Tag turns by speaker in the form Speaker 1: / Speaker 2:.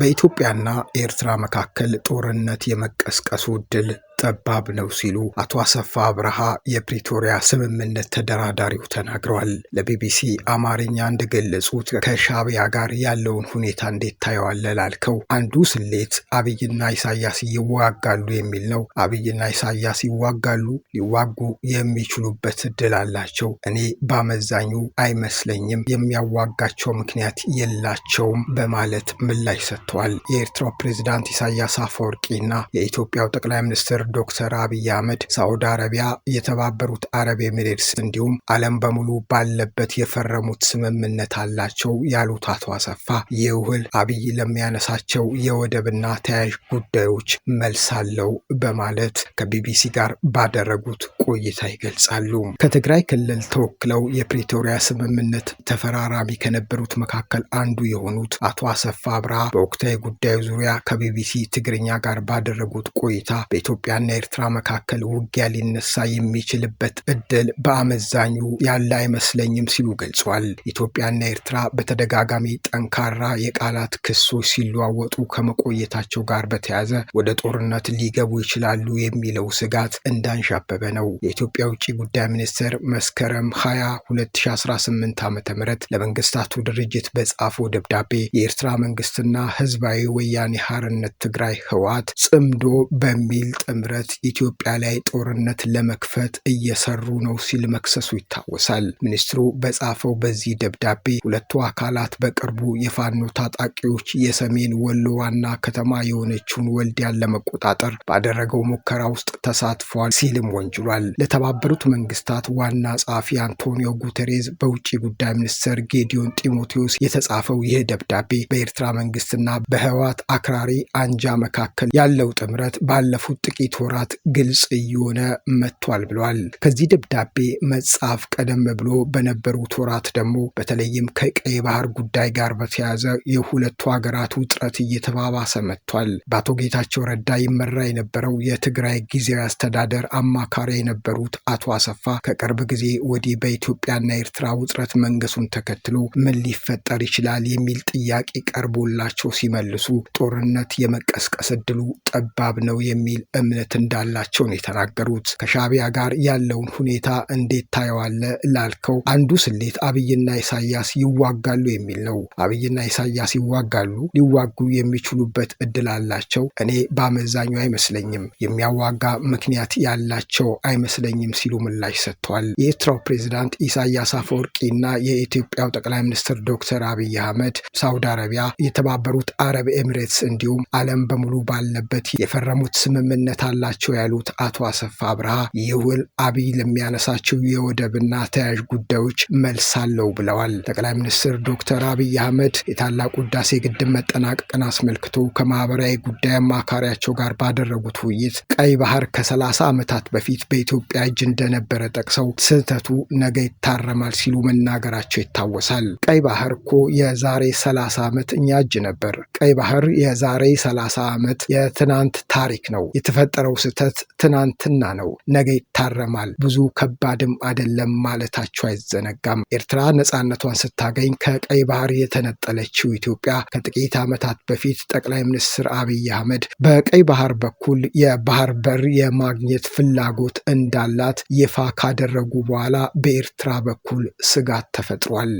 Speaker 1: በኢትዮጵያና ኤርትራ መካከል ጦርነት የመቀስቀሱ ድል ጠባብ ነው ሲሉ አቶ አሰፋ አብርሃ የፕሪቶሪያ ስምምነት ተደራዳሪው ተናግረዋል። ለቢቢሲ አማርኛ እንደገለጹት ከሻቢያ ጋር ያለውን ሁኔታ እንዴት ታየዋለ ላልከው አንዱ ስሌት አብይና ኢሳያስ ይዋጋሉ የሚል ነው። አብይና ኢሳያስ ይዋጋሉ፣ ሊዋጉ የሚችሉበት እድል አላቸው። እኔ በአመዛኙ አይመስለኝም፣ የሚያዋጋቸው ምክንያት የላቸውም በማለት ምላሽ ሰጥተዋል። የኤርትራው ፕሬዚዳንት ኢሳያስ እና የኢትዮጵያው ጠቅላይ ሚኒስትር ዶክተር አብይ አህመድ ሳዑዲ አረቢያ፣ የተባበሩት አረብ ኤሚሬትስ እንዲሁም ዓለም በሙሉ ባለበት የፈረሙት ስምምነት አላቸው ያሉት አቶ አሰፋ ይውህል አብይ ለሚያነሳቸው የወደብና ተያያዥ ጉዳዮች መልስ አለው በማለት ከቢቢሲ ጋር ባደረጉት ቆይታ ይገልጻሉ። ከትግራይ ክልል ተወክለው የፕሪቶሪያ ስምምነት ተፈራራሚ ከነበሩት መካከል አንዱ የሆኑት አቶ አሰፋ አብርሃ በወቅታዊ ጉዳዩ ዙሪያ ከቢቢሲ ትግርኛ ጋር ባደረጉት ቆይታ በኢትዮጵያ ኢትዮጵያና ኤርትራ መካከል ውጊያ ሊነሳ የሚችልበት እድል በአመዛኙ ያለ አይመስለኝም ሲሉ ገልጿል። ኢትዮጵያና ኤርትራ በተደጋጋሚ ጠንካራ የቃላት ክሶች ሲለዋወጡ ከመቆየታቸው ጋር በተያያዘ ወደ ጦርነት ሊገቡ ይችላሉ የሚለው ስጋት እንዳንዣበበ ነው። የኢትዮጵያ ውጭ ጉዳይ ሚኒስትር መስከረም 20 2018 ዓ ም ለመንግስታቱ ድርጅት በጻፈው ደብዳቤ የኤርትራ መንግስትና ህዝባዊ ወያኔ ሓርነት ትግራይ ህወሓት ጽምዶ በሚል ጥምር ህብረት ኢትዮጵያ ላይ ጦርነት ለመክፈት እየሰሩ ነው ሲል መክሰሱ ይታወሳል። ሚኒስትሩ በጻፈው በዚህ ደብዳቤ ሁለቱ አካላት በቅርቡ የፋኖ ታጣቂዎች የሰሜን ወሎ ዋና ከተማ የሆነችውን ወልዲያን ለመቆጣጠር ባደረገው ሙከራ ውስጥ ተሳትፏል ሲልም ወንጅሏል። ለተባበሩት መንግስታት ዋና ጸሐፊ አንቶኒዮ ጉተሬዝ በውጭ ጉዳይ ሚኒስትር ጌዲዮን ጢሞቴዎስ የተጻፈው ይህ ደብዳቤ በኤርትራ መንግስትና በህወሓት አክራሪ አንጃ መካከል ያለው ጥምረት ባለፉት ጥቂት ወራት ግልጽ እየሆነ መጥቷል ብሏል። ከዚህ ደብዳቤ መጻፍ ቀደም ብሎ በነበሩት ወራት ደግሞ በተለይም ከቀይ ባህር ጉዳይ ጋር በተያያዘ የሁለቱ ሀገራት ውጥረት እየተባባሰ መጥቷል። በአቶ ጌታቸው ረዳ ይመራ የነበረው የትግራይ ጊዜያዊ አስተዳደር አማካሪ የነበሩት አቶ አሰፋ ከቅርብ ጊዜ ወዲህ በኢትዮጵያና ኤርትራ ውጥረት መንገሱን ተከትሎ ምን ሊፈጠር ይችላል የሚል ጥያቄ ቀርቦላቸው ሲመልሱ ጦርነት የመቀስቀስ እድሉ ጠባብ ነው የሚል እምነት ግንኙነት እንዳላቸው ነው የተናገሩት። ከሻቢያ ጋር ያለውን ሁኔታ እንዴት ታየዋለ ላልከው አንዱ ስሌት አብይና ኢሳያስ ይዋጋሉ የሚል ነው። አብይና ኢሳያስ ይዋጋሉ፣ ሊዋጉ የሚችሉበት እድል አላቸው። እኔ በአመዛኙ አይመስለኝም፣ የሚያዋጋ ምክንያት ያላቸው አይመስለኝም ሲሉ ምላሽ ሰጥቷል። የኤርትራው ፕሬዚዳንት ኢሳያስ እና የኢትዮጵያው ጠቅላይ ሚኒስትር ዶክተር አብይ አህመድ ሳውዲ አረቢያ፣ የተባበሩት አረብ ኤሚሬትስ እንዲሁም ዓለም በሙሉ ባለበት የፈረሙት ስምምነት አላቸው ያሉት አቶ አሰፋ አብርሃ ይህ ውል አብይ ለሚያነሳቸው የወደብና ተያያዥ ጉዳዮች መልስ አለው ብለዋል። ጠቅላይ ሚኒስትር ዶክተር አብይ አህመድ የታላቁ ህዳሴ ግድብ መጠናቀቅን አስመልክቶ ከማህበራዊ ጉዳይ አማካሪያቸው ጋር ባደረጉት ውይይት ቀይ ባህር ከሰላሳ ዓመታት በፊት በኢትዮጵያ እጅ እንደነበረ ጠቅሰው ስህተቱ ነገ ይታረማል ሲሉ መናገራቸው ይታወሳል። ቀይ ባህር እኮ የዛሬ ሰላሳ ዓመት እኛ እጅ ነበር። ቀይ ባህር የዛሬ ሰላሳ ዓመት የትናንት ታሪክ ነው የተፈጠ የተፈጠረው ስህተት ትናንትና ነው፣ ነገ ይታረማል፣ ብዙ ከባድም አይደለም ማለታቸው አይዘነጋም። ኤርትራ ነፃነቷን ስታገኝ ከቀይ ባህር የተነጠለችው ኢትዮጵያ ከጥቂት ዓመታት በፊት ጠቅላይ ሚኒስትር አብይ አህመድ በቀይ ባህር በኩል የባህር በር የማግኘት ፍላጎት እንዳላት ይፋ ካደረጉ በኋላ በኤርትራ በኩል ስጋት ተፈጥሯል።